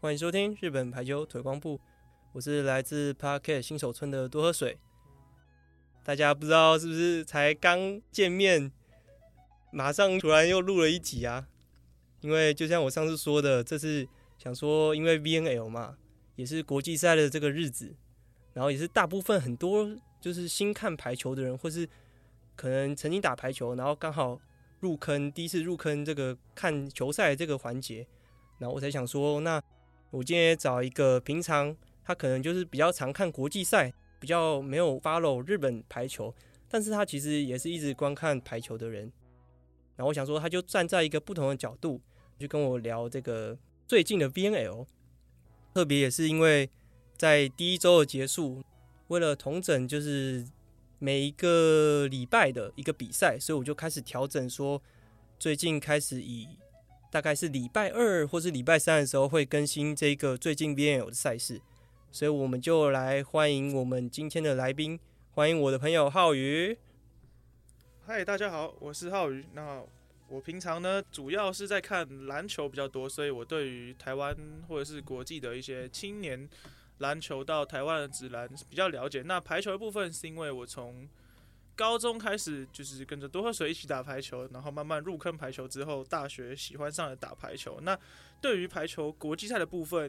歡迎收聽日本排球推廣部，我是來自 Parquet 新手村的多喝水。大家不知道是不是才剛見面，馬上突然又錄了一集啊？因為就像我上次說的，這是想說，因為 VNL 嘛，也是國際賽的這個日子，然後也是大部分很多就是新看排球的人，或是可能曾經打排球，然後剛好入坑，第一次入坑這個看球賽這個環節，然後我才想說，那我今天找一個平常他可能就是比較常看國際賽。比較沒有 follow 日本排球，但是他其實也是一直觀看排球的人。然後我想說，他就站在一個不同的角度，就跟我聊這個最近的 VNL。特別也是因為在第一周的結束，為了統整就是每一個禮拜的一個比賽，所以我就開始調整說，最近開始以大概是禮拜二或是禮拜三的時候會更新這個最近 VNL 的賽事。所以我們就來歡迎我們今天的來賓，歡迎我的朋友浩宇。嗨，大家好，我是浩宇。那我平常呢，主要是在看籃球比較多，所以我對於台灣或者是國際的一些青年籃球到台灣的職籃比較了解。那排球的部分，是因為我從高中開始就是跟着多喝水一起打排球，然後慢慢入坑排球之後，大學喜歡上了打排球。那對於排球國際賽的部分，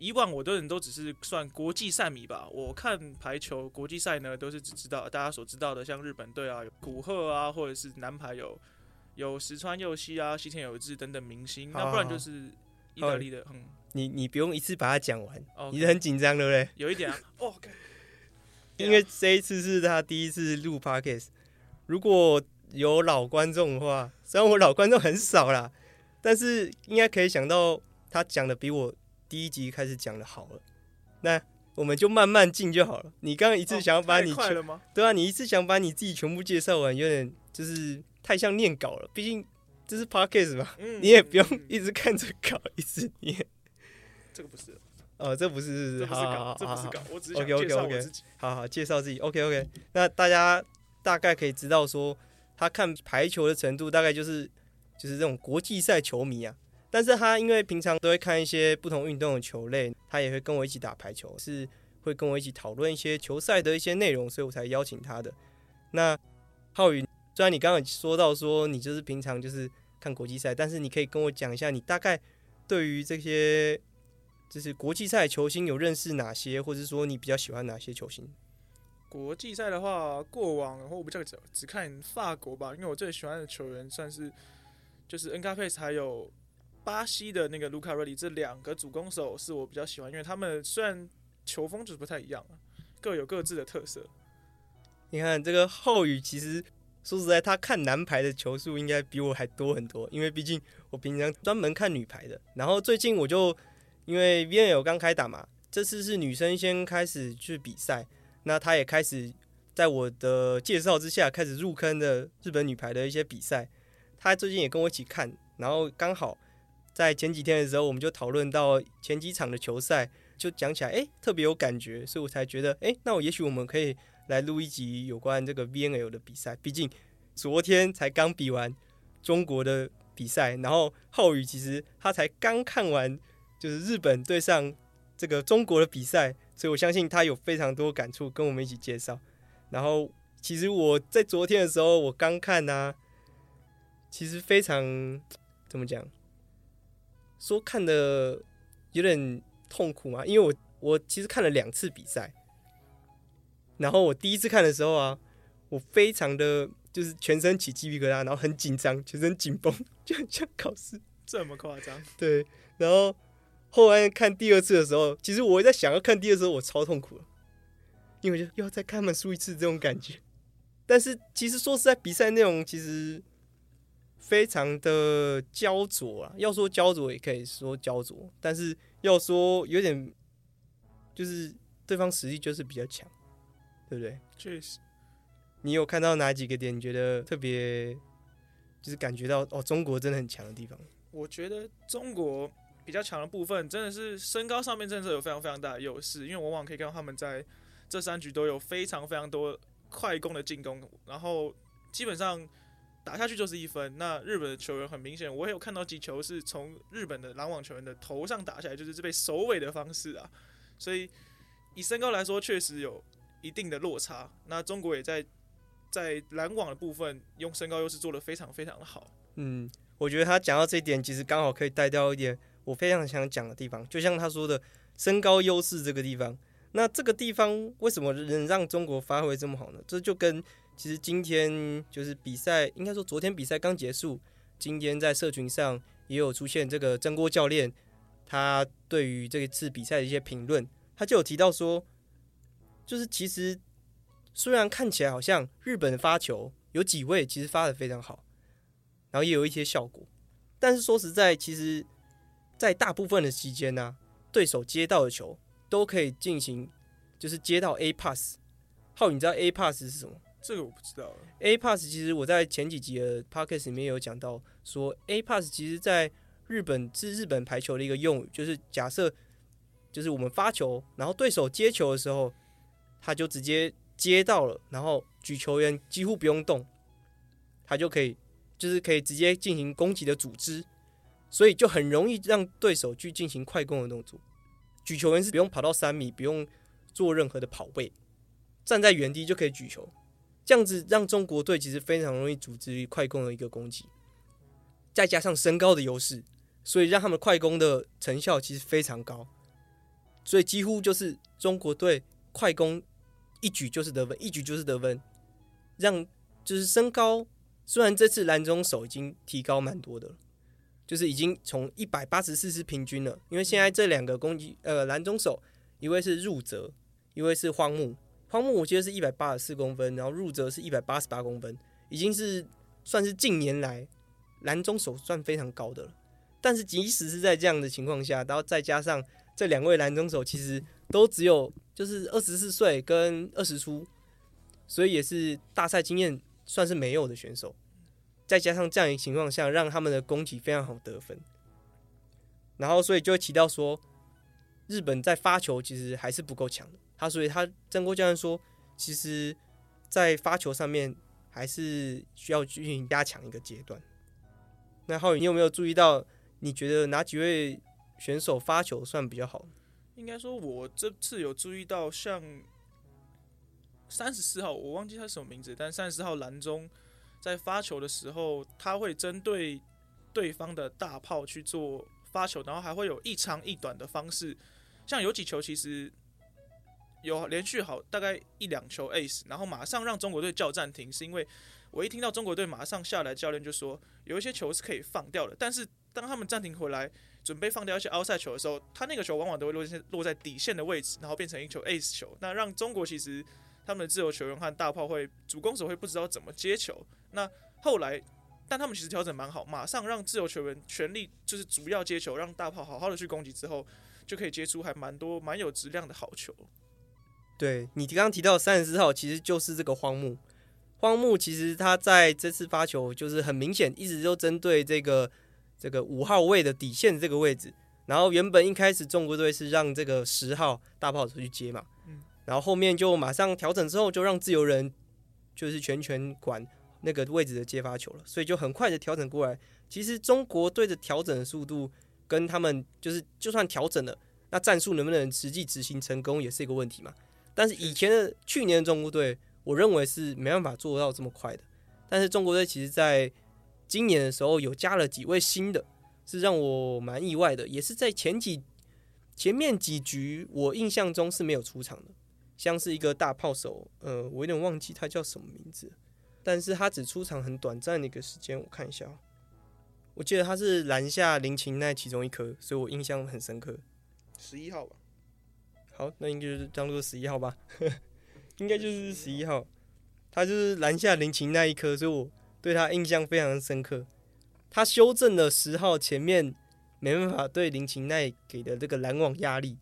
以往我的人都只是算國際賽迷吧，我看排球國際賽呢，都是只知道大家所知道的，像日本隊啊，有古賀啊，或者是男排有有石川佑希啊、西田有志等等明星，好好，那不然就是意大利的。好嗯，你你不用一次把它講完，okay, 你就很緊張對不對？有一點啊，哦， Okay, yeah. 因為這一次是他第一次錄 podcast，如果有老觀眾的話，雖然我老觀眾很少啦，但是應該可以想到他講的比我。第一集開始講的，好了，那我們就慢慢進就好了。你剛剛一次想要把你全、哦、對啊，你一次想把你自己全部介紹完，有點就是太像念稿了。畢竟這是 podcast 嘛，嗯、你也不用一直看着稿、嗯、一直念。這個不是，呃、哦，這不是，是，不是，這不是稿，好好好好，這不是稿，我只是我想介紹我自己 okay, okay, okay. 好好介紹自己，OK OK。那大家大概可以知道說，說他看排球的程度，大概就是就是這種國際賽球迷啊。但是他因為平常都會看一些不同運動的球類，他也會跟我一起打排球，是會跟我一起討論一些球賽的一些內容，所以我才邀請他的。那浩宇，雖然你剛剛也說到說你就是平常就是看國際賽，但是你可以跟我講一下，你大概對於這些就是國際賽球星有認識哪些，或者說你比較喜歡哪些球星？國際賽的話，過往的話我不叫只只看法國吧，因為我最喜歡的球員算是就是恩卡佩斯還有。巴西的那個盧卡瑞里，這兩個主攻手是我比較喜歡，因為他們雖然球風就是不太一樣，各有各自的特色。你看這個浩宇，其實說實在，他看男排的球數應該比我還多很多，因為畢竟我平常專門看女排的。然後最近我就因為 VNL 剛開打嘛，這次是女生先開始去比賽，那他也開始在我的介紹之下開始入坑的日本女排的一些比賽。他最近也跟我一起看，然後剛好。在前幾天的時候，我們就討論到前幾場的球賽，就講起來，哎、欸，特別有感覺，所以我才覺得，哎、欸，那我也許我們可以來錄一集有關這個 VNL 的比賽。畢竟昨天才剛比完中國的比賽，然後浩宇其實他才剛看完就是日本對上這個中國的比賽，所以我相信他有非常多感觸跟我們一起介紹。然後其實我在昨天的時候，我剛看呢、啊，其實非常怎麼講？說看的有點痛苦嘛，因為我我其實看了兩次比賽，然後我第一次看的時候啊，我非常的就是全身起雞皮疙瘩，然後很緊張，全身緊繃，就很像考試這麼誇張。對，然後後來看第二次的時候，其實我也在想要看第二次，我超痛苦，因為我就又要再看他們輸一次這種感覺。但是其實說實在，比賽內容其實。非常的焦灼啊，要說焦灼也可以說焦灼，但是要說有點，就是對方實力就是比較強，對不對？確實 Jeez，你有看到哪幾個點？你覺得特別，就是感覺到哦，中國真的很強的地方？我覺得中國比較強的部分，真的是身高上面政策有非常非常大的優勢，因為我往往可以看到他們在這三局都有非常非常多快攻的進攻，然後基本上。打下去就是一分。那日本的球員很明顯，我也有看到幾球是從日本的攔網球員的頭上打下來，就是這被首尾的方式啊。所以以身高來說，確實有一定的落差。那中國也在在攔網的部分用身高優勢做得非常非常的好。嗯，我覺得他講到這一點，其實剛好可以帶到一點我非常想講的地方。就像他說的，身高優勢這個地方。那這個地方為什麼能讓中國發揮這麼好呢？這就跟其實今天就是比賽，應該說昨天比賽剛結束，今天在社群上也有出現這個真鍋教練他對於這一次比賽的一些評論，他就有提到說，就是其實雖然看起來好像日本發球有幾位其實發得非常好，然後也有一些效果，但是說實在，其實在大部分的期間呢、啊，對手接到的球。都可以進行，就是接到 A pass。浩宇，你知道 A pass 是什麼？這個我不知道。A pass 其實我在前幾集的 Podcast 裡面有講到，說 A pass 其實在日本是日本排球的一個用語，就是假設就是我們發球，然後對手接球的時候，他就直接接到了，然後舉球員幾乎不用動，他就可以就是可以直接進行攻擊的組織，所以就很容易讓對手去進行快攻的動作。舉球員是不用跑到三米，不用做任何的跑位，站在原地就可以舉球，這樣子讓中國隊其實非常容易組織於快攻的一個攻擊，再加上身高的優勢，所以讓他們快攻的成效其實非常高，所以幾乎就是中國隊快攻一舉就是得分，一舉就是得分，讓就是身高，雖然這次籃中手已經提高蠻多的了。就是已經從一百八十四是平均了，因為現在這兩個攻擊呃，攔中手，一位是入澤，一位是荒木。荒木我記得是一百八十四公分，然後入澤是一百八十八公分，已經是算是近年來攔中手算非常高的了。但是即使是在這樣的情況下，然後再加上這兩位攔中手其實都只有就是二十四歲跟二十出，所以也是大賽經驗算是沒有的選手。再加上這樣一個情況下，讓他們的攻擊非常好得分，然後所以就會提到說，日本在發球其實還是不夠強的。他、啊、所以他真鍋教練說，其實，在發球上面還是需要進行加強一個階段。那浩宇，你有沒有注意到？你覺得哪幾位選手發球算比較好？應該說，我這次有注意到像三十四號，我忘記他什麼名字，但三十四號藍中。在發球的時候，他會針對對方的大炮去做發球，然後還會有一長一短的方式。像有幾球其實有連續好大概一兩球 ace，然後馬上讓中國隊叫暫停，是因為我一聽到中國隊馬上下來，教練就說有一些球是可以放掉的。但是當他們暫停回來準備放掉一些 outside 球的時候，他那個球往往都會落在落在底線的位置，然後變成一球 ace 球。那讓中國其實。他們的自由球員和大炮會主攻手會不知道怎麼接球，那後來，但他們其實調整蠻好，馬上讓自由球員全力就是主要接球，讓大炮好好的去攻擊，之後就可以接出還蠻多蠻有質量的好球。對你剛剛提到三十四號，其實就是這個荒木，荒木其實他在這次發球就是很明顯，一直都針對這個這個五號位的底線這個位置，然後原本一開始中國隊是讓這個十號大炮出去接嘛。嗯。然後後面就馬上調整之後，就讓自由人就是全權管那個位置的接發球了，所以就很快的調整過來。其實中國隊的調整速度跟他們就是，就算調整了，那戰術能不能實際執行成功也是一個問題嘛。但是以前的去年的中國隊，我認為是沒辦法做到這麼快的。但是中國隊其實在今年的時候有加了幾位新的，是讓我蠻意外的，也是在前幾前面幾局我印象中是沒有出場的。像是一個大炮手，呃，我有點忘記他叫什麼名字，但是他只出場很短暫的一個時間。我看一下喔，我記得他是攔下林琴奈其中一顆，所以我印象很深刻。十一號吧，好，那應該就是張璐十一號吧， 應該就是十一號，他就是攔下林琴奈那一顆，所以我對他印象非常深刻。他修正了十號前面沒辦法對林琴奈給的這個攔網壓力。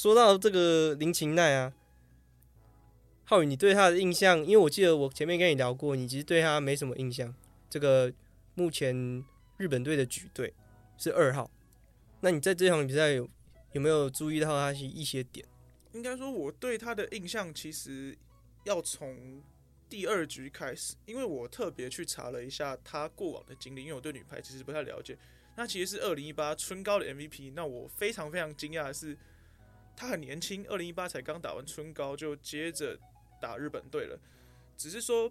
說到這個林琴奈啊，浩宇，你對他的印象？因為我記得我前面跟你聊過，你其實對他沒什麼印象。這個目前日本隊的局隊是二號，那你在這場比賽有有沒有注意到他一些點？應該說我對他的印象其實要從第二局開始，因為我特別去查了一下他過往的經歷，因為我對女排其實不太了解。那其實是二零一八春高的 MVP，那我非常非常驚訝的是。他很年輕，二零一八才剛打完春高就接着打日本隊了，只是說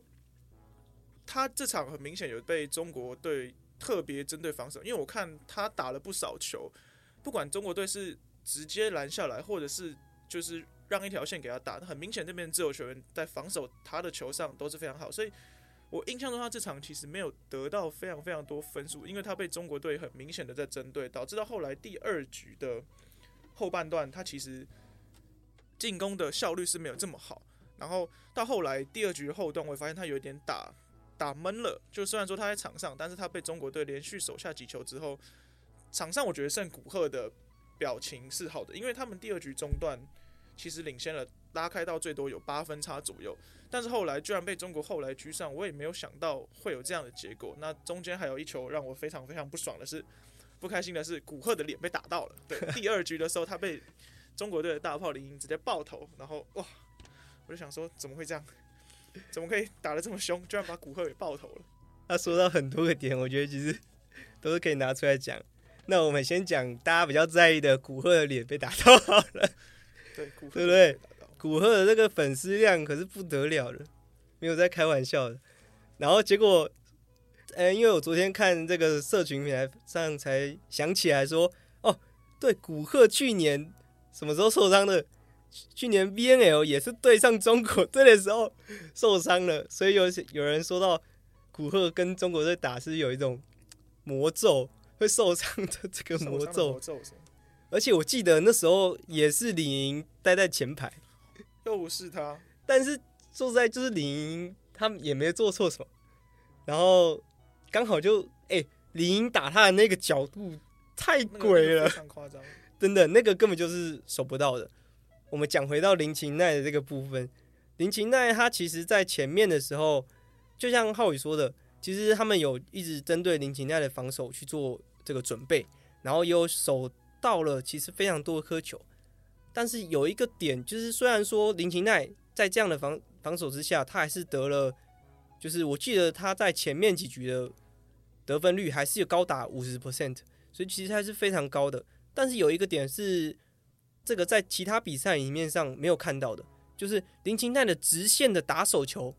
他這場很明顯有被中國隊特別針對防守，因為我看他打了不少球，不管中國隊是直接攔下來，或者是就是讓一條線給他打，很明顯這邊自由球員在防守他的球上都是非常好，所以我印象中他這場其實沒有得到非常非常多分數，因為他被中國隊很明顯的在針對，導致到後來第二局的後半段他其實進攻的效率是沒有這麼好，然後到後來第二局後段，我也發現他有點打打悶了。就雖然說他在場上，但是他被中國隊連續守下幾球之後，場上我覺得勝古賀的表情是好的，因為他們第二局中段其實領先了，拉開到最多有八分差左右，但是後來居然被中國後來居上，我也沒有想到會有這樣的結果。那中間還有一球讓我非常非常不爽的是。不開心的是，古賀的臉被打到了。對，第二局的時候，他被中國隊的大炮林直接爆頭，然後哇、哦，我就想說，怎麼會這樣？怎麼可以打得這麼兇，居然把古賀給爆頭了？他說到很多個點，我覺得其實都是可以拿出來講。那我們先講大家比較在意的，古賀的臉被打到了，對，古賀對不對？古賀的這個粉絲量可是不得了的，沒有在開玩笑的。然後結果。嗯，因為我昨天看這個社群平台上才想起來說，哦，對，古賀去年什麼時候受傷的？去年 VNL 也是對上中國隊的時候受傷了，所以有有人說到古賀跟中國隊打是有一種魔咒，會受傷的這個魔咒。而且我記得那時候也是李瑩待在前排，又不是他。但是坐在就是李瑩，他們也沒做錯什麼，然後。剛好就哎，林、欸、瑩打他的那個角度、嗯、太鬼了，太誇張，真的那，那個根本就是守不到的。我們講回到林琴奈的這個部分，林琴奈他其實，在前面的時候，就像浩宇說的，其實他們有一直針對林琴奈的防守去做這個準備，然後又守到了其實非常多的顆球。但是有一個點就是，雖然說林琴奈在這樣的防防守之下，他還是得了。就是我記得他在前面幾局的得分率還是有高達五十 percent，所以其實還是非常高的。但是有一個點是，這個在其他比賽裡面上沒有看到的，就是林清奈的直線的打手球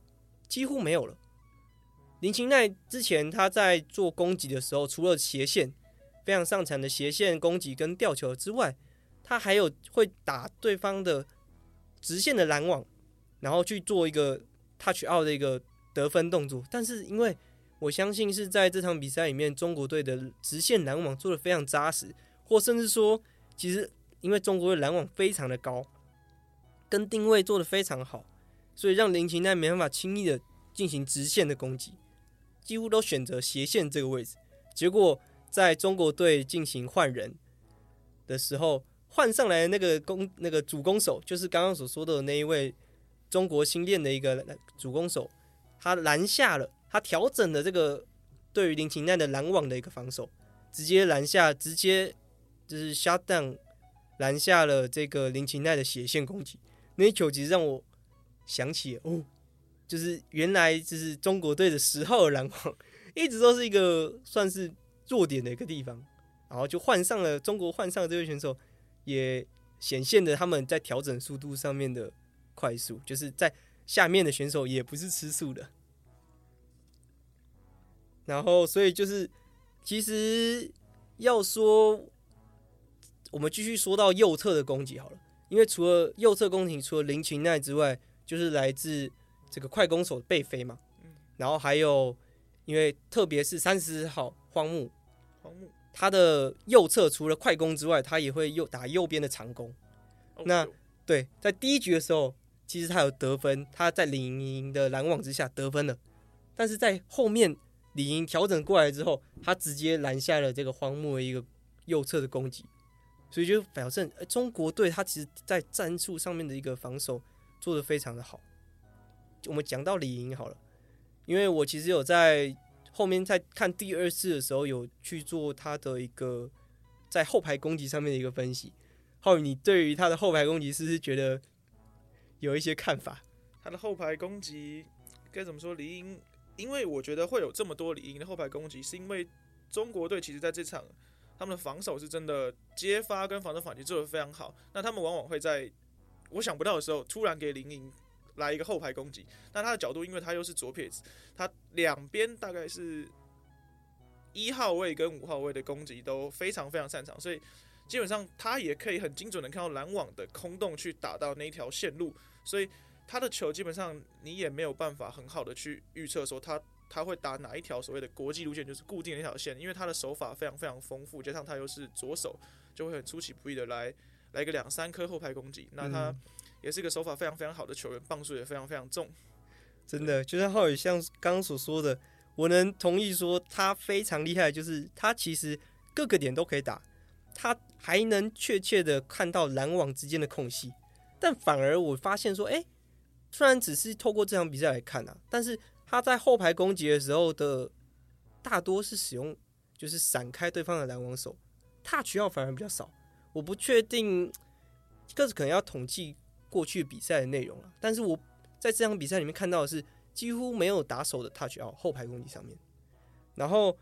幾乎沒有了。林清奈之前他在做攻擊的時候，除了斜線非常擅長的斜線攻擊跟吊球之外，他還有會打對方的直線的攔網，然後去做一個 touch out 的一個得分動作，但是因為我相信是在這場比賽裡面，中國隊的直線攔網做的非常紮實，或甚至說，其實因為中國的攔網非常的高，跟定位做的非常好，所以讓林琴奈沒辦法輕易的進行直線的攻擊，幾乎都選擇斜線這個位置。結果在中國隊進行換人的時候，換上來的那個攻那個主攻手，就是剛剛所說的那一位中國新練的一個主攻手。他攔下了，他調整了這個對於林琴奈的攔網的一個防守，直接攔下，直接就是 shutdown 攔下了這個林琴奈的斜線攻擊。那一球其實讓我想起了，哦，就是原來就是中國隊的十號攔網，一直都是一個算是弱點的一個地方，然後就換上了中國換上了這位選手，也顯現了他們在調整速度上面的快速，就是在。下面的選手也不是吃素的，然後所以就是，其實要說，我們繼續說到右側的攻擊好了，因為除了右側攻擊，除了林琴奈之外，就是來自這個快攻手的背飛嘛，然後還有，因為特別是三十號荒木，荒木他的右側除了快攻之外，他也會右打右邊的長攻，那對，在第一局的時候。其實他有得分，他在李盈瑩的攔網之下得分了，但是在後面李盈調整過來之後，他直接攔下了這個荒木的一個右側的攻擊，所以就表示中國隊他其實在戰術上面的一個防守做的非常的好。我們講到李盈瑩好了，因為我其實有在後面在看第二次的時候有去做他的一個在後排攻擊上面的一個分析。浩宇，你對於他的後排攻擊是不是覺得？有一些看法，他的後排攻擊該怎麼說？李盈，因為我覺得會有這麼多李盈的後排攻擊，是因為中國隊其實在這場，他們的防守是真的接發跟防守反擊做得非常好。那他們往往會在我想不到的時候，突然給李盈來一個後排攻擊。那他的角度，因為他又是左撇子，他兩邊大概是一號位跟五號位的攻擊都非常非常擅長，所以基本上他也可以很精準的看到攔網的空洞，去打到那一條線路。所以他的球基本上你也沒有辦法很好的去預測，說他他會打哪一條所謂的國際路線，就是固定的那條線，因為他的手法非常非常豐富，加上他又是左手，就會很出其不意的來來個兩三顆後排攻擊。那他也是一個手法非常非常好的球員，磅數也非常非常重。真的，對就像浩宇像剛剛所說的，我能同意說他非常厲害，就是他其實各個點都可以打，他還能確切的看到攔網之間的空隙。但反而我發現說，哎、欸，雖然只是透過這場比賽來看啊，但是他在後排攻擊的時候的，大多是使用就是閃開對方的攔網手，touch out 反而比較少。我不確定，這個可能要統計過去比賽的內容了、啊。但是我在這場比賽裡面看到的是幾乎沒有打手的 touch out 後排攻擊上面。然後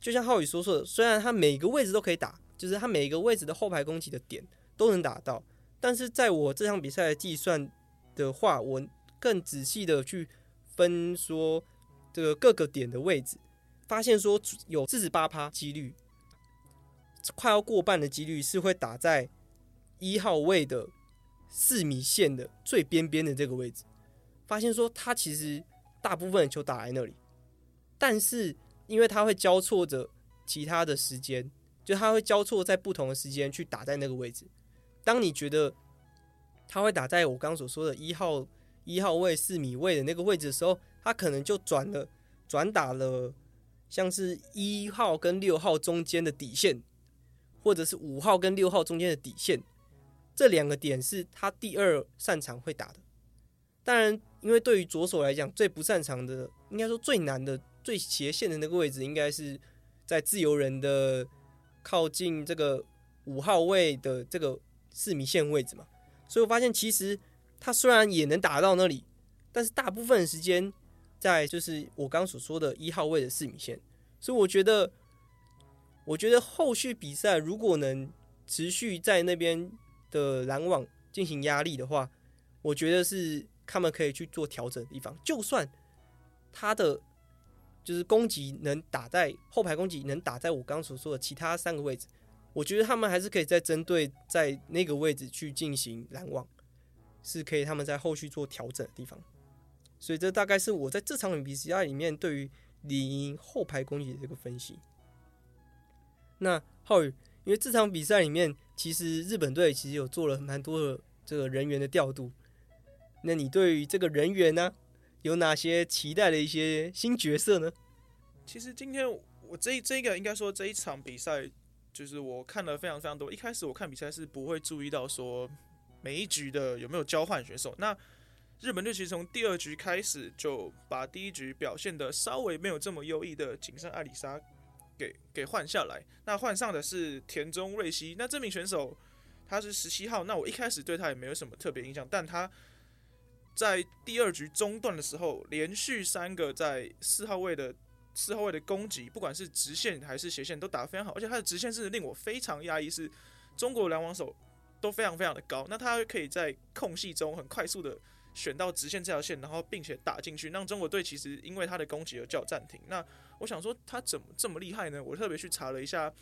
就像浩宇說說的，雖然他每個位置都可以打，就是他每一個位置的後排攻擊的點都能打到。但是在我這場比賽的計算的話，我更仔細的去分說這個各個點的位置，發現說有四十八趴幾率，快要過半的幾率是會打在一號位的四米線的最邊邊的這個位置。發現說它其實大部分的球打在那裡，但是因為它會交錯着其他的時間，就它會交錯在不同的時間去打在那個位置。當你覺得他會打在我剛剛所說的一號一號位四米位的那個位置的時候，他可能就轉了，轉打了像是一號跟六號中間的底線，或者是五號跟六號中間的底線，這兩個點是他第二擅長會打的。當然，因為對於左手來講，最不擅長的，應該說最難的、最斜線的那個位置，應該是在自由人的靠近這個五號位的這個。四米線位置嘛，所以我發現其實他雖然也能打到那裡，但是大部分時間在就是我剛所說的一號位的四米線，所以我覺得，我覺得後續比賽如果能持續在那邊的攔網進行壓力的話，我覺得是他們可以去做調整的地方。就算他的就是攻擊能打在後排攻擊能打在我剛所說的其他三個位置。我覺得他們還是可以再針對在那個位置去進行攔網，是可以他們在後續做調整的地方。所以這大概是我在這場比賽裡面對於李盈後排攻擊的這個分析。那浩宇，因為這場比賽裡面，其實日本隊其實有做了蠻多的這個人員的調度。那你對於這個人員呢、啊，有哪些期待的一些新角色呢？其實今天我這這個應該說，這一場比賽。就是我看了非常非常多，一開始我看比賽是不會注意到說每一局的有沒有交換選手。那日本隊其實從第二局開始就把第一局表現得稍微沒有這麼優異的井上愛里沙給給換下來，那換上的是田中瑞希。那這名選手他是十七號，那我一開始對他也沒有什麼特別印象，但他在第二局中段的時候連續三個在四號位的。四號位的攻擊，不管是直線還是斜線，都打得非常好。而且他的直線是令我非常訝異，是中國攔網手，都非常非常的高。那他可以在空隙中很快速的選到直線這條線，然後並且打進去，讓中國隊其實因為他的攻擊而叫暫停。那我想說他怎麼這麼厲害呢？我特別去查了一下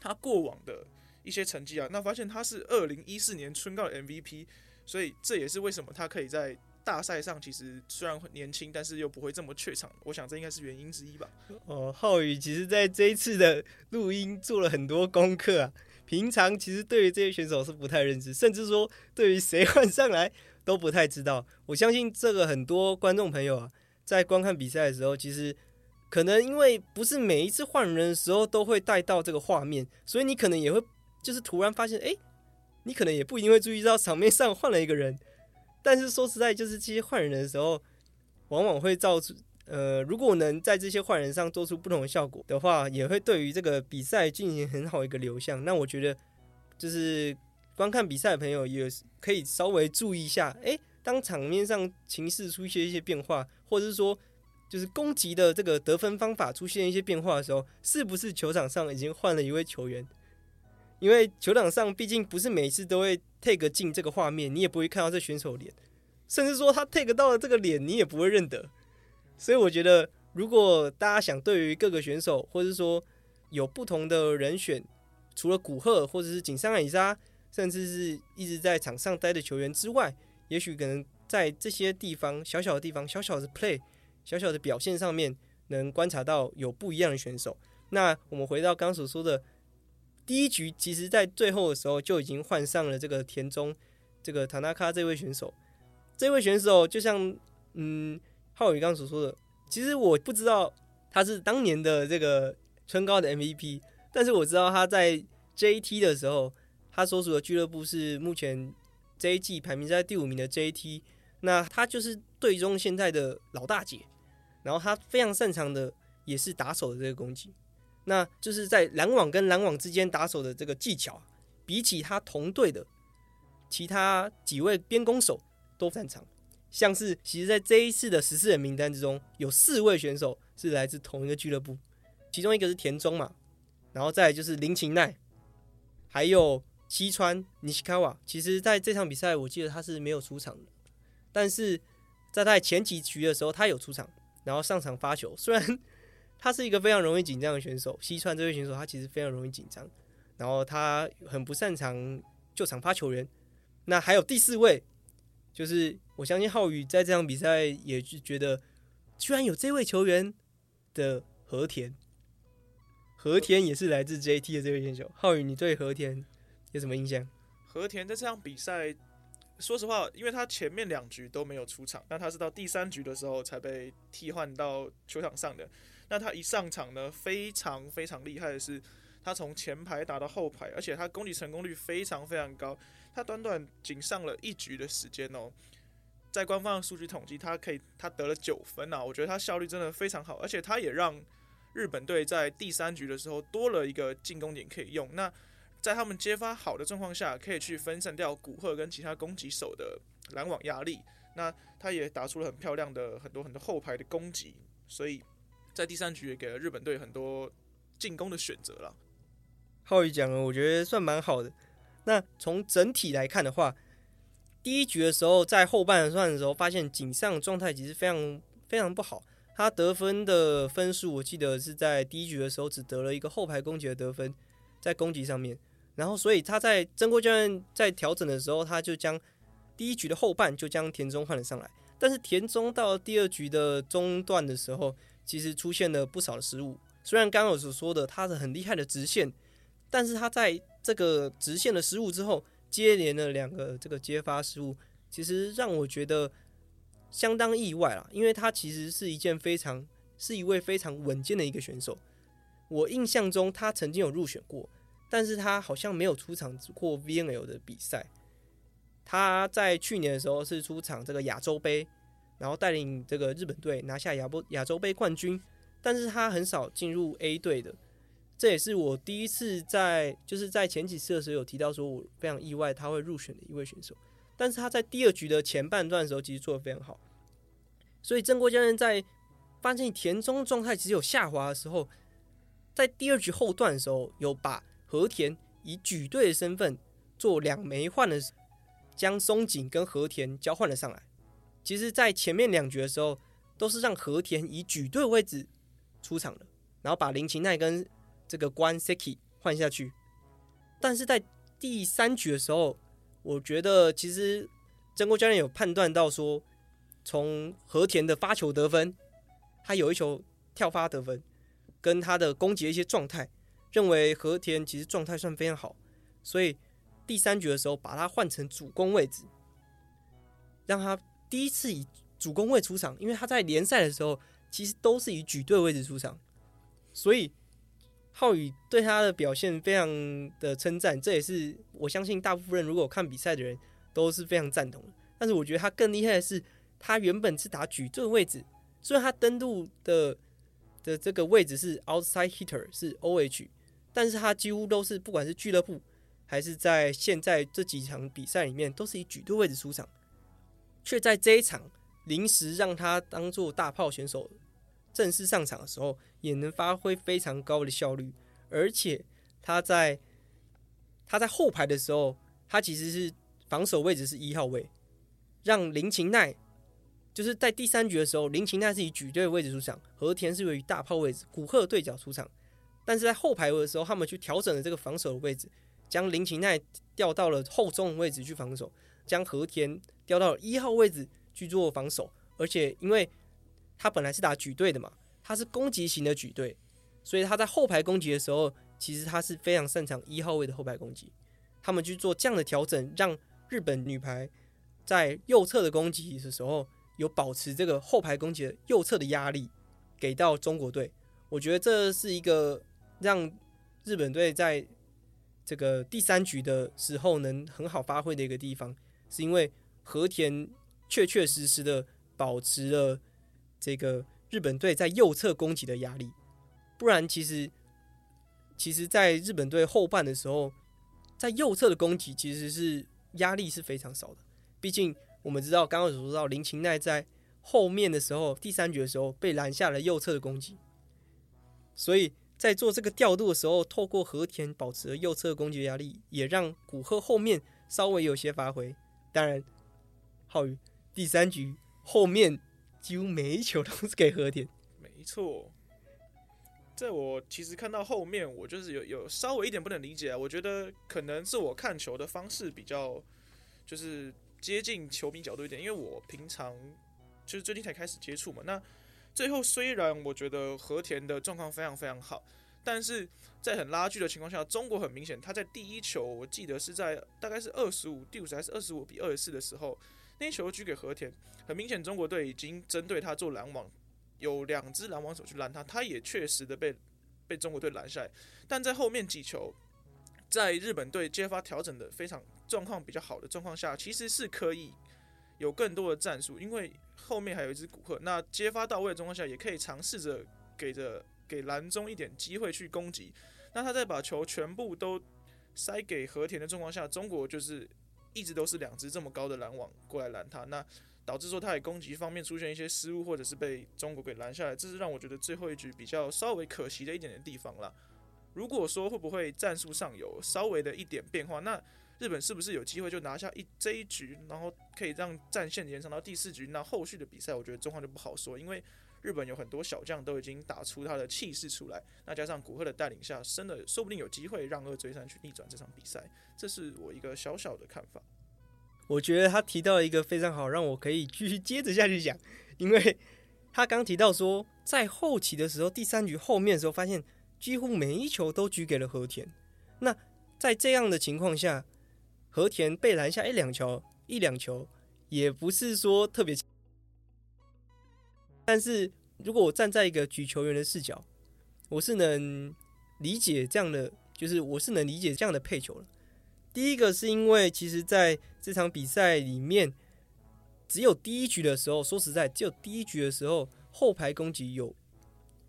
他過往的一些成績啊，那發現他是二零一四年春高的 MVP，所以這也是為什麼他可以在。大賽上，其實雖然很年輕，但是又不會這麼怯場，我想這應該是原因之一吧？哦、呃，浩宇，其實在這一次的錄音做了很多功課啊。平常其實對於這些選手是不太認識，甚至說對於誰換上來都不太知道。我相信這個很多觀眾朋友啊，在觀看比賽的時候，其實可能因為不是每一次換人的時候都會帶到這個畫面，所以你可能也會就是突然發現，哎、欸，你可能也不一定會注意到場面上換了一個人。但是說實在，就是這些換人的時候，往往會造出呃，如果能在這些換人上做出不同的效果的話，也會對於這個比賽進行很好的一個流向。那我覺得，就是觀看比賽的朋友也可以稍微注意一下，哎，當場面上情勢出現一些變化，或者是說，就是攻擊的這個得分方法出現一些變化的時候，是不是球場上已經換了一位球員？因為球場上畢竟不是每次都會 take 進這個畫面，你也不會看到這選手臉，甚至說他 take 到了這個臉，你也不會認得。所以我覺得，如果大家想對於各個選手，或者說有不同的人選，除了古賀或者是井上愛里沙，甚至是一直在場上待的球員之外，也許可能在這些地方小小的、地方小小的 play、小小的表現上面，能觀察到有不一樣的選手。那我們回到剛所說的。第一局其實，在最後的時候就已經換上了這個田中，這個塔納卡這位選手。這位選手就像嗯浩宇剛所說的，其實我不知道他是當年的這個春高的 MVP，但是我知道他在 JT 的時候，他所屬的俱樂部是目前 JG 排名在第五名的 JT。那他就是隊中現在的老大姐，然後他非常擅長的也是打手的這個攻擊。那就是在攔網跟攔網之間打手的這個技巧，比起他同隊的其他幾位邊攻手都擅長。像是其實，在這一次的十四人名單之中，有四位選手是來自同一個俱樂部，其中一個是田中嘛，然後再來就是林琴奈，還有西川尼西卡瓦。其實在這場比賽，我記得他是沒有出場的，但是在他前幾局的時候，他有出場，然後上場發球，雖然。他是一個非常容易緊張的選手，西川這位選手他其實非常容易緊張，然後他很不擅長救場發球員。那還有第四位，就是我相信浩宇在這場比賽也是覺得居然有這位球員的和田，和田也是來自 JT 的這位選手。浩宇，你對和田有什麼印象？和田在這場比賽，說實話，因為他前面兩局都沒有出場，但他是到第三局的時候才被替換到球場上的。那他一上場呢，非常非常厲害的是，他從前排打到後排，而且他攻擊成功率非常非常高。他短短僅上了一局的時間哦，在官方數據統計，他可以他得了九分吶、啊。我覺得他效率真的非常好，而且他也讓日本隊在第三局的時候多了一個進攻點可以用。那在他們接發好的狀況下，可以去分散掉古賀跟其他攻擊手的攔網壓力。那他也打出了很漂亮的很多很多後排的攻擊，所以。在第三局也給了日本隊很多進攻的選擇了。浩宇講的，我覺得算蠻好的。那從整體來看的話，第一局的時候在後半段的時候，發現井上狀態其實非常非常不好。他得分的分數我記得是在第一局的時候只得了一個後排攻擊的得分，在攻擊上面。然後所以他在真鍋教練在調整的時候，他就將第一局的後半就將田中換了上來。但是田中到第二局的中段的時候。其實出現了不少的失誤。雖然剛剛我所說的他是很厲害的直線，但是他在這個直線的失誤之後，接連的兩個這個接發失誤，其實讓我覺得相當意外了，因為他其實是一件非常是一位非常穩健的一個選手。我印象中他曾經有入選過，但是他好像沒有出場過 VNL 的比賽。他在去年的時候是出場這個亞洲盃。然後帶領這個日本隊拿下亞波亞洲盃冠軍，但是他很少進入 A 隊的，這也是我第一次在就是在前幾次的時候有提到，說我非常意外他會入選的一位選手。但是他在第二局的前半段的時候，其實做得非常好。所以，真鍋政義在發現田中狀態其實有下滑的時候，在第二局後段的時候，有把和田以舉隊的身份做兩枚換的，將松井跟和田交換了上來。其實，在前面兩局的時候，都是讓和田以舉對位置出場的，然後把林琴奈跟這個關崎換下去。但是在第三局的時候，我覺得其實曾國教練有判斷到說，從和田的發球得分，他有一球跳發得分，跟他的攻擊一些狀態，認為和田其實狀態算非常好，所以第三局的時候把他換成主攻位置，讓他第一次以主攻位出場，因為他在聯賽的時候其實都是以舉隊位置出場，所以浩宇對他的表現非常的稱讚，這也是我相信大部分人如果看比賽的人都是非常贊同的。但是我覺得他更厲害的是，他原本是打舉隊位置，雖然他登錄的的這個位置是 outside hitter 是 oh，但是他幾乎都是不管是俱樂部還是在現在這幾場比賽裡面，都是以舉隊位置出場。卻在這一場臨時讓他當做大炮選手，正式上場的時候，也能發揮非常高的效率。而且他在他在後排的時候，他其實是防守位置是一號位，讓林琴奈就是在第三局的時候，林琴奈是以舉隊位置出場，和田是位於大炮位置，古賀對角出場。但是在後排位的時候，他們去調整了這個防守的位置，將林琴奈調到了後中位置去防守，將和田。調到一號位置去做防守，而且因為他本來是打舉隊的嘛，他是攻擊型的舉隊，所以他在後排攻擊的時候，其實他是非常擅長一號位的後排攻擊。他們去做這樣的調整，讓日本女排在右側的攻擊的時候，有保持這個後排攻擊的右側的壓力給到中國隊。我覺得這是一個讓日本隊在這個第三局的時候能很好發揮的一個地方，是因為。和田確確實實的保持了這個日本隊在右側攻擊的壓力，不然其實其實，在日本隊後半的時候，在右側的攻擊其實是壓力是非常少的。畢竟我們知道，剛剛所說到林琴奈在後面的時候，第三局的時候被攔下了右側的攻擊，所以在做這個調度的時候，透過和田保持了右側攻擊的壓力，也讓古賀後面稍微有些發揮。當然。好於第三局後面幾乎每一球都是給和田。沒錯，在我其實看到後面，我就是有有稍微一點不能理解啊。我覺得可能是我看球的方式比較就是接近球迷角度一點，因為我平常就是最近才開始接觸嘛。那最後雖然我覺得和田的狀況非常非常好，但是在很拉鋸的情況下，中國很明顯，他在第一球我記得是在大概是二十五第五十還是二十五比二十四的時候。那球舉給和田，很明顯中國隊已經針對他做攔網，有兩支攔網手去攔他，他也確實的被被中國隊攔下來。但在後面幾球，在日本隊接發調整的非常狀況比較好的狀況下，其實是可以有更多的戰術，因為後面還有一只古賀，那接發到位的狀況下，也可以嘗試着給着給藍中一點機會去攻擊。那他在把球全部都塞給和田的狀況下，中國就是。一直都是兩隻這麼高的攔網過來攔他，那導致說他在攻擊方面出現一些失誤，或者是被中國給攔下來，這是讓我覺得最後一局比較稍微可惜的一點點的地方了。如果說會不會戰術上有稍微的一點變化，那日本是不是有機會就拿下一這一局，然後可以讓戰線延長到第四局？那後續的比賽，我覺得中方就不好說，因為。日本有很多小將都已經打出他的氣勢出來，那加上古賀的帶領下，真的說不定有機會讓二追三去逆轉這場比賽。這是我一個小小的看法。我覺得他提到一個非常好，讓我可以繼續接着下去講，因為他剛提到說，在後期的時候，第三局後面的時候，發現幾乎每一球都舉給了和田。那在這樣的情況下，和田被攔下一兩球，一兩球也不是說特別。但是如果我站在一個舉球員的視角，我是能理解這樣的，就是我是能理解這樣的配球了。第一個是因為其實在這場比賽裡面，只有第一局的時候，說實在，只有第一局的時候，後排攻擊有，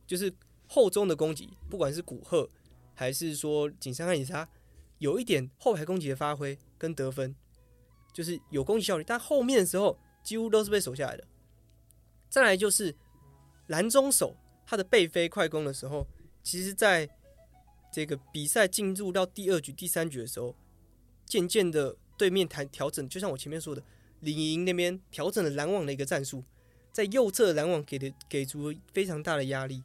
就是後中的攻擊，不管是古賀還是說井上愛里沙，有一點後排攻擊的發揮跟得分，就是有攻擊效率，但後面的時候幾乎都是被守下來的。再來就是攔中手，他的背飛快攻的時候，其實，在這個比賽進入到第二局、第三局的時候，漸漸的對面調調整，就像我前面說的，李瑩那邊調整了攔網的一個戰術，在右側攔網給的給足非常大的壓力，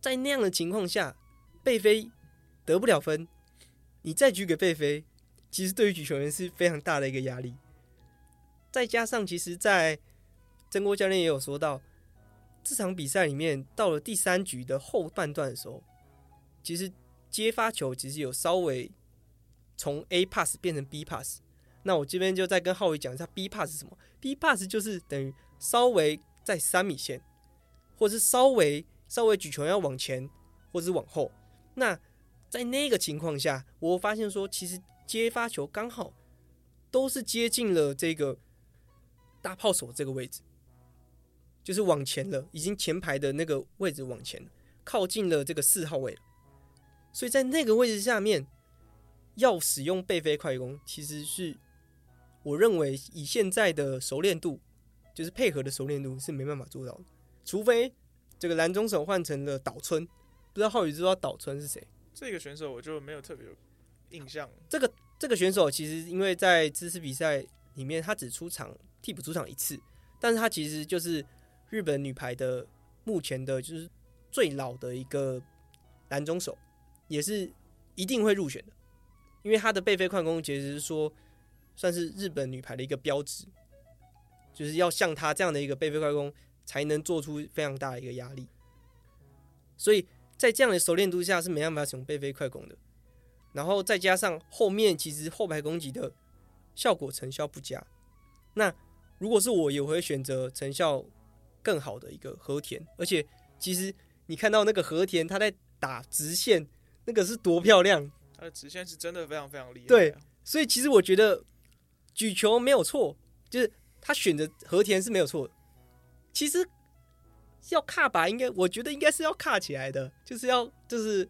在那樣的情況下，背飛得不了分，你再舉給背飛，其實對於舉球員是非常大的一個壓力，再加上其實，在。曾國教練也有說到，這場比賽裡面到了第三局的後半段的時候，其實接發球其實有稍微從 A pass 變成 B pass。那我這邊就再跟浩偉講一下 B pass 是什麼。B pass 就是等於稍微在三米線，或是稍微稍微舉球要往前，或是往後。那在那個情況下，我發現說其實接發球剛好都是接近了這個大炮手這個位置。就是往前了，已經前排的那個位置往前了，靠近了這個四號位了。所以在那個位置下面，要使用背飛快攻，其實是我認為以現在的熟練度，就是配合的熟練度是沒辦法做到的。除非這個藍中手換成了島村，不知道浩宇知道島村是誰？這個選手我就沒有特別有印象。這個這個選手其實因為在知識比賽裡面，他只出場替補出場一次，但是他其實就是。日本女排的目前的，就是最老的一個攔中手，也是一定會入選的，因為她的背飛快攻，其實是說算是日本女排的一個標誌，就是要像她這樣的一個背飛快攻，才能做出非常大的一個壓力，所以在這樣的熟練度下，是沒辦法使用背飛快攻的，然後再加上後面其實後排攻擊的效果成效不佳，那如果是我，也會選擇成效更好的一個和田，而且其實你看到那個和田他在打直線，那個是多漂亮！他的直線是真的非常非常厲害。對，所以其實我覺得舉球沒有錯，就是他選擇和田是沒有錯。其實要卡吧，應該我覺得應該是要卡起來的，就是要就是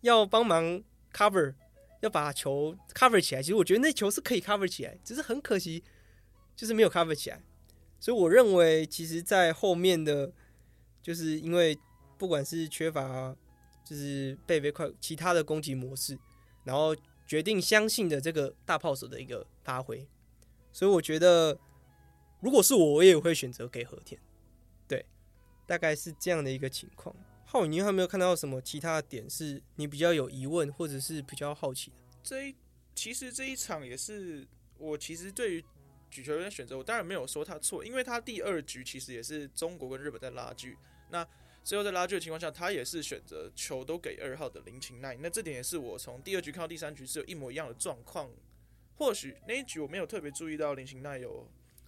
要幫忙 cover，要把球 cover 起來。其實我覺得那球是可以 cover 起來，只是很可惜，就是沒有 cover 起來。所以我認為，其實，在後面的，就是因為不管是缺乏、啊，就是貝貝快其他的攻擊模式，然後決定相信的這個大炮手的一個發揮，所以我覺得，如果是我，我也會選擇給和田，對，大概是這樣的一個情況。浩宇，你有沒有看到什麼其他的點是你比較有疑問或者是比較好奇的？這一其實這一場也是我其實對於。舉球的選擇，我當然沒有說他錯，因為他第二局其實也是中國跟日本在拉鋸，那最後在拉鋸的情況下，他也是選擇球都給二號的林琴奈。那這點也是我從第二局看到第三局是有一模一樣的狀況。或許那一局我沒有特別注意到林琴奈有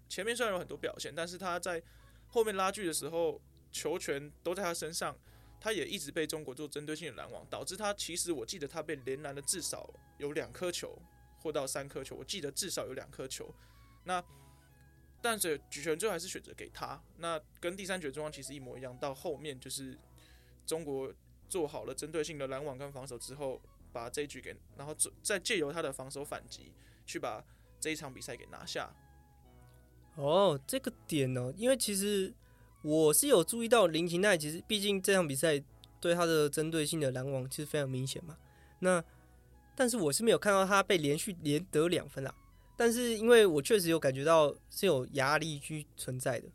前面雖然有很多表現，但是他在後面拉鋸的時候，球權都在他身上，他也一直被中國做針對性的攔網，導致他其實我記得他被連攔了至少有兩顆球或到三顆球，我記得至少有兩顆球。那但是舉球最後還是選擇給他。那跟第三局的中方其實一模一樣，到後面就是中國做好了針對性的攔網跟防守之後，把這一局給，然後再借由他的防守反擊去把這一場比賽給拿下。哦，這個點哦，因為其實我是有注意到林琴奈，其實畢竟這場比賽對他的針對性的攔網其實非常明顯嘛。那但是我是沒有看到他被連續連得兩分啊。但是因為我確實有感覺到是有壓力去存在的，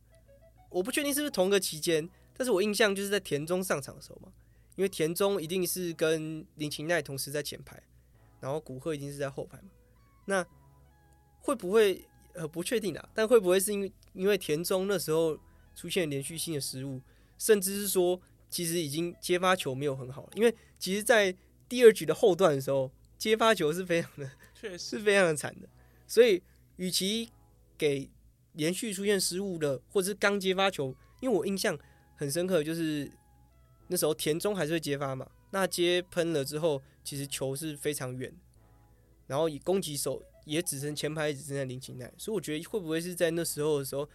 我不確定是不是同個期間，但是我印象就是在田中上場的時候嘛，因為田中一定是跟林琴奈同時在前排，然後古賀一定是在後排嘛，那會不會呃，不確定啦，但會不會是因為因為田中那時候出現連續性的失誤，甚至是說其實已經接發球沒有很好，因為其實，在第二局的後段的時候，接發球是非常的，確實是非常的慘的。所以，與其給連續出現失誤的，或者是剛接發球，因為我印象很深刻，就是那時候田中還是會接發嘛。那接噴了之後，其實球是非常遠，然後以攻擊手也只剩前排，只剩林琴奈。所以我覺得會不會是在那時候的時候，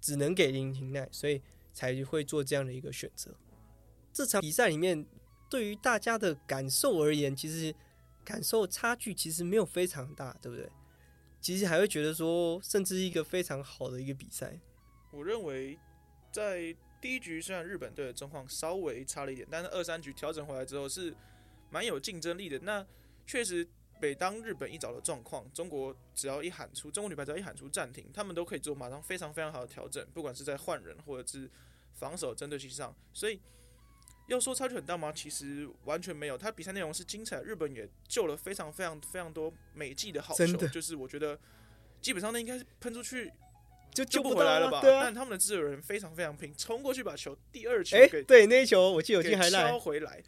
只能給林琴奈，所以才會做這樣的一個選擇。這場比賽裡面，對於大家的感受而言，其實感受差距其實沒有非常大，對不對？其實還會覺得說，甚至一個非常好的一個比賽。我認為，在第一局雖然日本隊的狀況稍微差了一點，但是二三局調整回來之後是蠻有競爭力的。那確實，每當日本一早的狀況，中國只要一喊出，中國女排只要一喊出暫停，他們都可以做馬上非常非常好的調整，不管是在換人或者是防守針對性上。所以。要說差距很大嗎？其實完全沒有。他比賽內容是精彩，日本也救了非常非常非常多美技的好球，的就是我覺得基本上呢應該是噴出去就救不回來了吧。啊、但他們的自由人非常非常拼，衝過去把球第二球給、欸、對那一球，我記得還敲回來。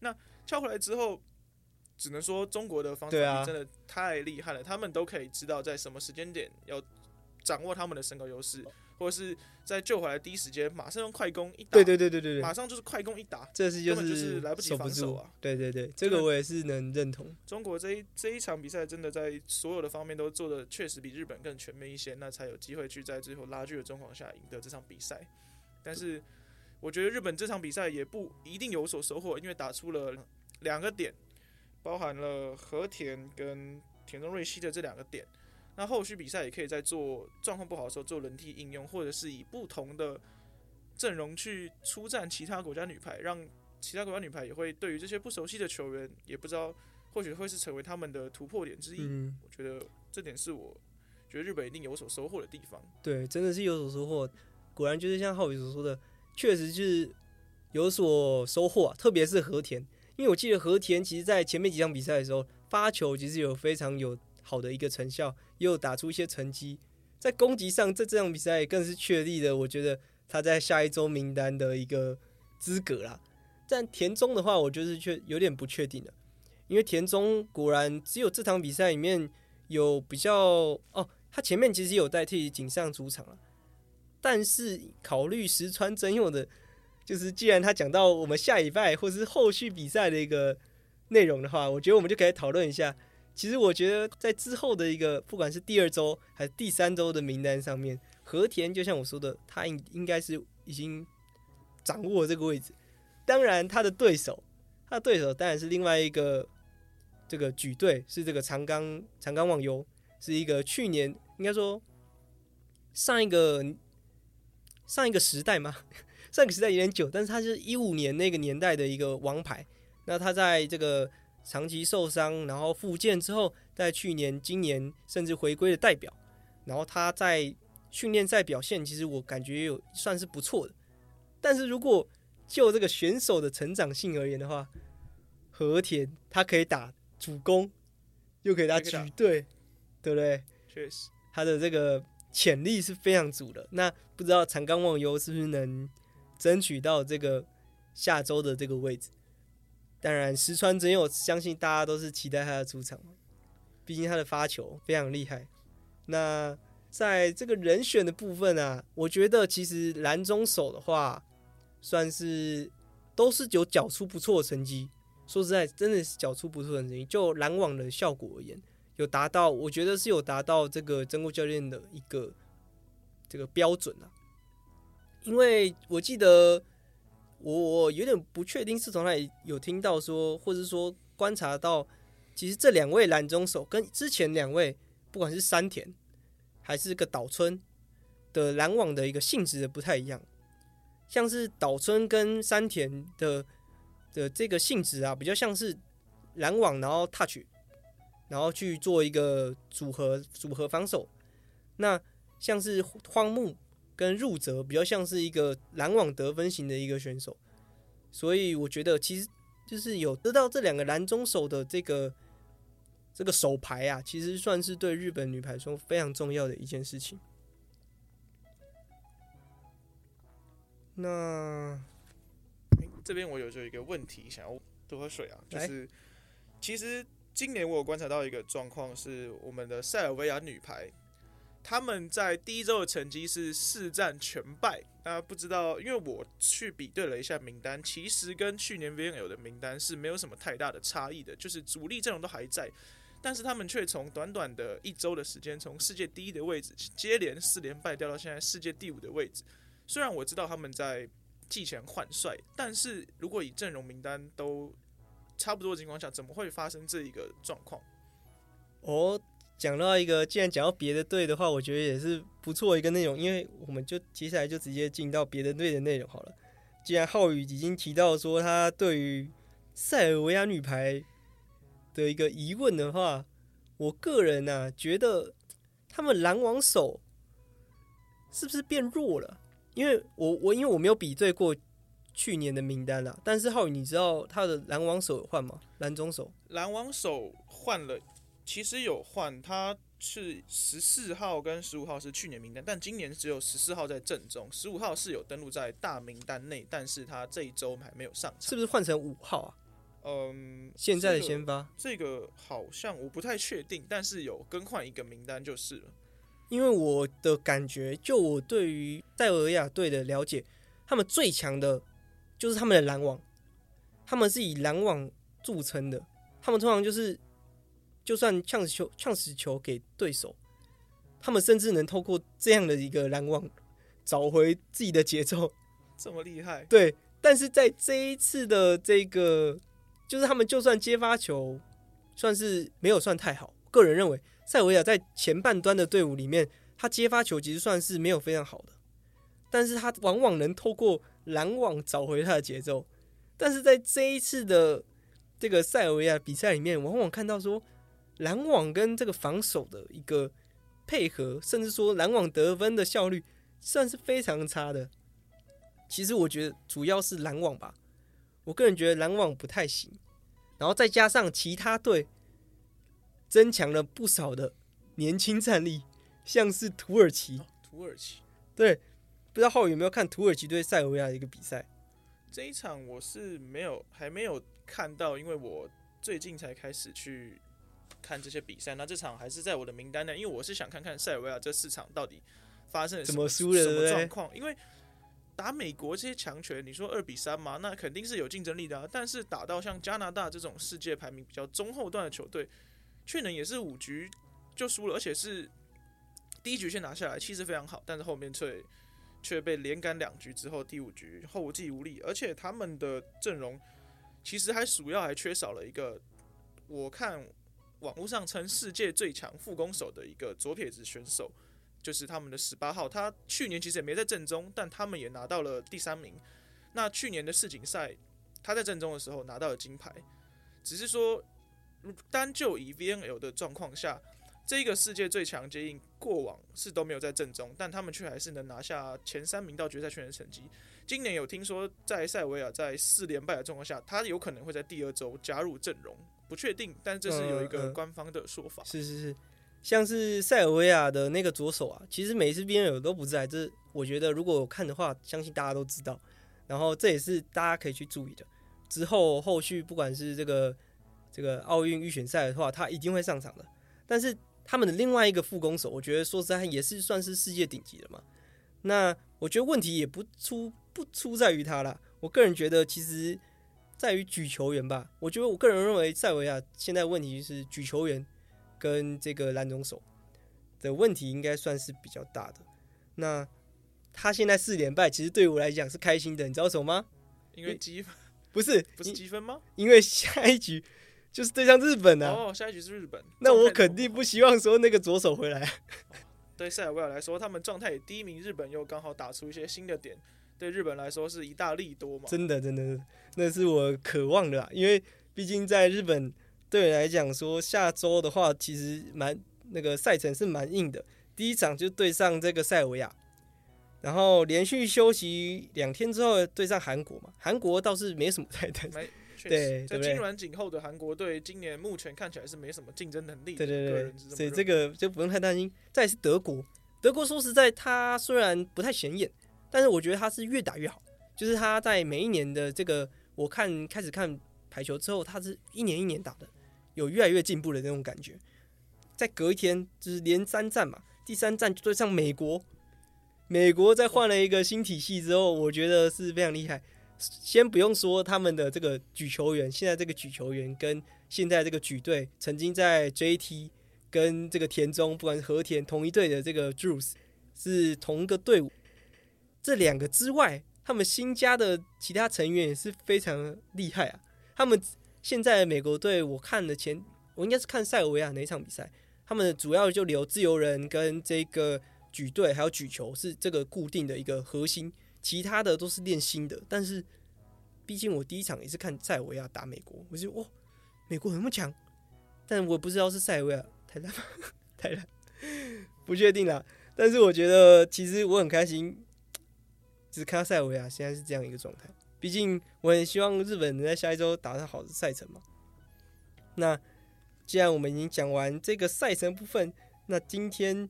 那敲回來之後，只能說中國的防守真的太厲害了，啊、他們都可以知道在什麼時間點要掌握他們的身高優勢。或者是在救回來第一時間，馬上用快攻一打。對對對對對，馬上就是快攻一打，這是就是，就是來不及防守啊。對對對，這個我也是能認同。中國這一這一場比賽，真的在所有的方面都做得確實比日本更全面一些，那才有機會去在最後拉鋸的狀況下贏得這場比賽。但是，我覺得日本這場比賽也不一定有所收穫，因為打出了兩個點，包含了和田跟田中瑞希的這兩個點。那後續比賽也可以在做狀況不好的時候做人體應用，或者是以不同的陣容去出戰其他國家女排，讓其他國家女排也會對於這些不熟悉的球員，也不知道或許會是成為他們的突破點之一。嗯，我覺得這點是我覺得日本一定有所收穫的地方。對，真的是有所收穫，果然就是像浩宇所說的，確實就是有所收穫啊，特別是和田，因為我記得和田其實在前面幾場比賽的時候發球其實有非常有好的一個成效。又打出一些成績，在攻擊上，這這場比賽更是確立了，我覺得他在下一周名單的一個資格啦。但田中的話，我就是確有點不確定的，因為田中果然只有這場比賽裡面有比較哦，他前面其實有代替井上主場了，但是考慮石川真佑的，就是既然他講到我們下禮拜或是後續比賽的一個內容的話，我覺得我們就可以討論一下。其實我覺得，在之後的一個，不管是第二周還是第三周的名單上面，和田就像我說的，他應應該是已經掌握這個位置。當然，他的對手，他的對手當然是另外一個這個舉隊，是這個長岡長岡望悠，是一個去年應該說上一個上一個時代嘛，上一個時代有點久，但是他是一五年那個年代的一個王牌。那他在這個。長期受傷，然後復健之後，在去年、今年甚至回歸的代表，然後他在訓練賽表現，其實我感覺有算是不錯的。但是如果就這個選手的成長性而言的話，和田他可以打主攻，又可以打舉隊，對不對？確實，他的這個潛力是非常足的。那不知道長岡望悠是不是能爭取到這個下週的這個位置？當然，石川真佑相信大家都是期待他的出場，畢竟他的發球非常厲害。那在這個人選的部分啊，我覺得其實攔中手的話，算是都是有繳出不錯的成績。說實在，真的是繳出不錯的成績。就攔網的效果而言，有達到，我覺得是有達到這個真鍋教練的一個這個標準啊。因為我記得。我我有點不確定，是從哪裡有聽到說，或是說觀察到，其實這兩位藍中手跟之前兩位，不管是山田還是個島村的攔網的一個性質不太一樣。像是島村跟山田的的這個性質啊，比較像是攔網，然後 touch，然後去做一個組合組合防守。那像是荒木。跟入澤比較像是一個攔網得分型的一個選手，所以我覺得其實就是有得到這兩個攔中手的這個這個手牌啊，其實算是對日本女排中非常重要的一件事情那、欸。那這邊我有有一個問題想要多喝水啊，就是唉其實今年我有觀察到一個狀況是，我們的塞爾維亞女排。他們在第一週的成績是四戰全敗，大家不知道，因為我去比對了一下名單，其實跟去年 VNL 的名單是沒有什麼太大的差異的，就是主力陣容都還在，但是他們卻從短短的一週的時間，從世界第一的位置接連四連敗掉到現在世界第五的位置。雖然我知道他們在季前換帥，但是如果以陣容名單都差不多的情況下，怎麼會發生這一個狀況？哦。Oh. 講到一個，既然講到別的隊的話，我覺得也是不錯的一個內容，因為我們就接下來就直接進到別的隊的內容好了。既然浩宇已經提到說他對於塞爾維亞女排的一個疑問的話，我個人吶、啊、覺得他們攔網手是不是變弱了？因為我我因為我沒有比對過去年的名單啦。但是浩宇，你知道他的攔網手有換嗎？攔中手？攔網手換了。其實有換，他是十四號跟十五號是去年名單，但今年只有十四號在正中，十五號是有登錄在大名單內，但是他這一周還沒有上場，是不是換成五號啊？嗯，現在的先發、這個，這個好像我不太確定，但是有更換一個名單就是了，因為我的感覺，就我對於塞爾維亞隊的了解，他們最強的就是他們的攔網，他們是以攔網著稱的，他們通常就是。就算嗆死球、嗆死球給對手，他們甚至能透過這樣的一個攔網找回自己的節奏。這麼厲害？對。但是在這一次的這個，就是他們就算接發球，算是沒有算太好。個人認為，塞爾維亞在前半端的隊伍裡面，他接發球其實算是沒有非常好的，但是他往往能透過攔網找回他的節奏。但是在這一次的這個塞爾維亞比賽裡面，往往看到說。攔網跟這個防守的一個配合，甚至說攔網得分的效率算是非常差的。其實我覺得主要是攔網吧，我個人覺得攔網不太行。然後再加上其他隊增強了不少的年輕戰力，像是土耳其。哦、土耳其，對，不知道浩宇有沒有看土耳其對塞爾維亞的一個比賽？這一場我是沒有，還沒有看到，因為我最近才開始去。看這些比賽，那這場還是在我的名單呢，因為我是想看看塞爾維亞這四場到底發生了什麼輸什麼狀況。因為打美國這些強權，你說二比三嘛，那肯定是有競爭力的啊。但是打到像加拿大這種世界排名比較中後段的球隊，去年也是五局就輸了，而且是第一局先拿下來，氣勢非常好，但是後面卻卻被連趕兩局之後，第五局後繼無力，而且他們的陣容其實還主要還缺少了一個，我看。網絡上稱世界最強副攻手的一個左撇子選手，就是他們的十八號。他去年其實也沒在正中，但他們也拿到了第三名。那去年的世錦賽，他在正中的時候拿到了金牌。只是說，如單就以 VNL 的狀況下，這一個世界最強接應過往是都沒有在正中，但他們卻還是能拿下前三名到決賽圈的成績。今年有聽說，在塞爾維亞在四連敗的狀況下，他有可能會在第二周加入陣容。不確定，但這是有一個官方的說法。嗯嗯、是是是，像是塞爾維亞的那個左手啊，其實每一次邊有都不在，這我覺得如果我看的話，相信大家都知道。然後這也是大家可以去注意的。之後後續不管是這個這個奧運預選賽的話，他一定會上場的。但是他們的另外一個副攻手，我覺得說實在也是算是世界頂級的嘛。那我覺得問題也不出不出在於他啦，我個人覺得其實。在於舉球員吧，我覺得我個人認為塞維亞現在問題是舉球員跟這個攔網手的問題應該算是比較大的。那他現在四連敗，其實對我來講是開心的，你知道什麼嗎？因為積分不是不是積分嗎？因為下一局就是對上日本啊！哦，哦，下一局是日本，那我肯定不希望說那個左手回來。對塞爾維亞來說，他們狀態也第一名，日本又剛好打出一些新的點。對日本來說是一大利多嘛？真的，真的是，那是我渴望的啦，因為畢竟在日本對人來講說，下周的話其實蠻那個賽程是蠻硬的，第一場就對上這個塞爾維亞，然後連續休息兩天之後對上韓國嘛，韓國倒是沒什麼太擔心，對對對，金軟景後的韓國隊今年目前看起來是沒什麼競爭能力的，對對對，所以這個就不用太擔心。再是德國，德國說實在，他雖然不太顯眼。但是我覺得他是越打越好，就是他在每一年的這個，我看開始看排球之後，他是一年一年打的，有越來越進步的那種感覺。再隔一天就是連三戰嘛，第三戰就對上美國，美國在換了一個新體系之後，我覺得是非常厲害。先不用說他們的這個舉球員，現在這個舉球員跟現在這個舉隊曾經在 JT 跟這個田中，不管是和田同一隊的這個 j u s 是同一個隊伍。這兩個之外，他們新加的其他成員也是非常厲害啊！他們現在的美國隊，我看的前我應該是看塞爾維亞那場比賽，他們主要就留自由人跟這個舉隊還有舉球是這個固定的一個核心，其他的都是練新的。但是畢竟我第一場也是看塞爾維亞打美國，我就哦，美國很強，但我不知道是塞爾維亞太爛太爛，不確定啦。但是我覺得其實我很開心。只是看到塞爾維亞現在是這樣一個狀態。畢竟我很希望日本能在下一周打上好的賽程嘛。那既然我們已經講完這個賽程的部分，那今天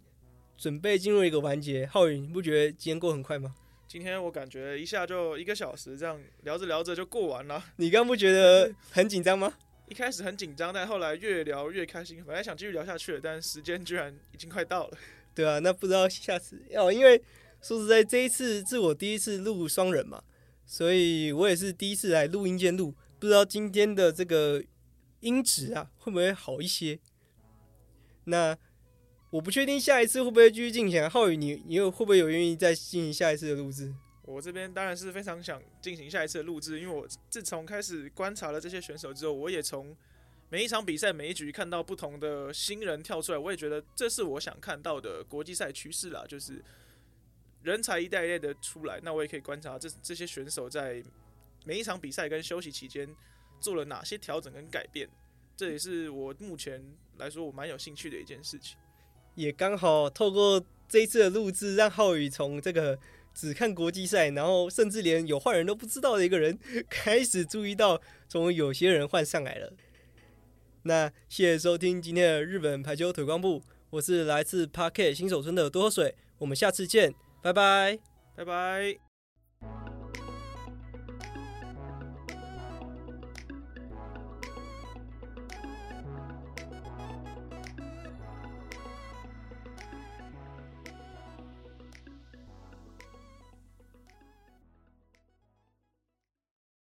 準備進入一個環節。浩宇，你不覺得今天過很快嗎？今天我感覺一下就一個小時，這樣聊着聊着就過完了。你剛不覺得很緊張嗎？ 一開始很緊張，但後來越聊越開心。本來想繼續聊下去了，但時間居然已經快到了。對啊，那不知道下次要、哦、因為。說實在，這一次是我第一次錄雙人嘛，所以我也是第一次來錄音間錄，不知道今天的這個音質啊會不會好一些？那我不確定下一次會不會繼續進行。浩宇，你你有會不會有願意再進行下一次的錄製？我這邊當然是非常想進行下一次的錄製，因為我自從開始觀察了這些選手之後，我也從每一場比賽，每一局看到不同的新人跳出來，我也覺得這是我想看到的國際賽趨勢啦，就是。人才一代一代的出來，那我也可以觀察這這些選手在每一場比賽跟休息期間做了哪些調整跟改變，這也是我目前來說我蠻有興趣的一件事情。也剛好透過這一次的錄制，讓浩宇從這個只看國際賽，然後甚至連有換人，都不知道的一個人，開始注意到從有些人換上來了。那謝謝收聽今天的日本排球推廣部，我是來自 Parket 新手村的多喝水，我們下次見。拜拜，拜拜。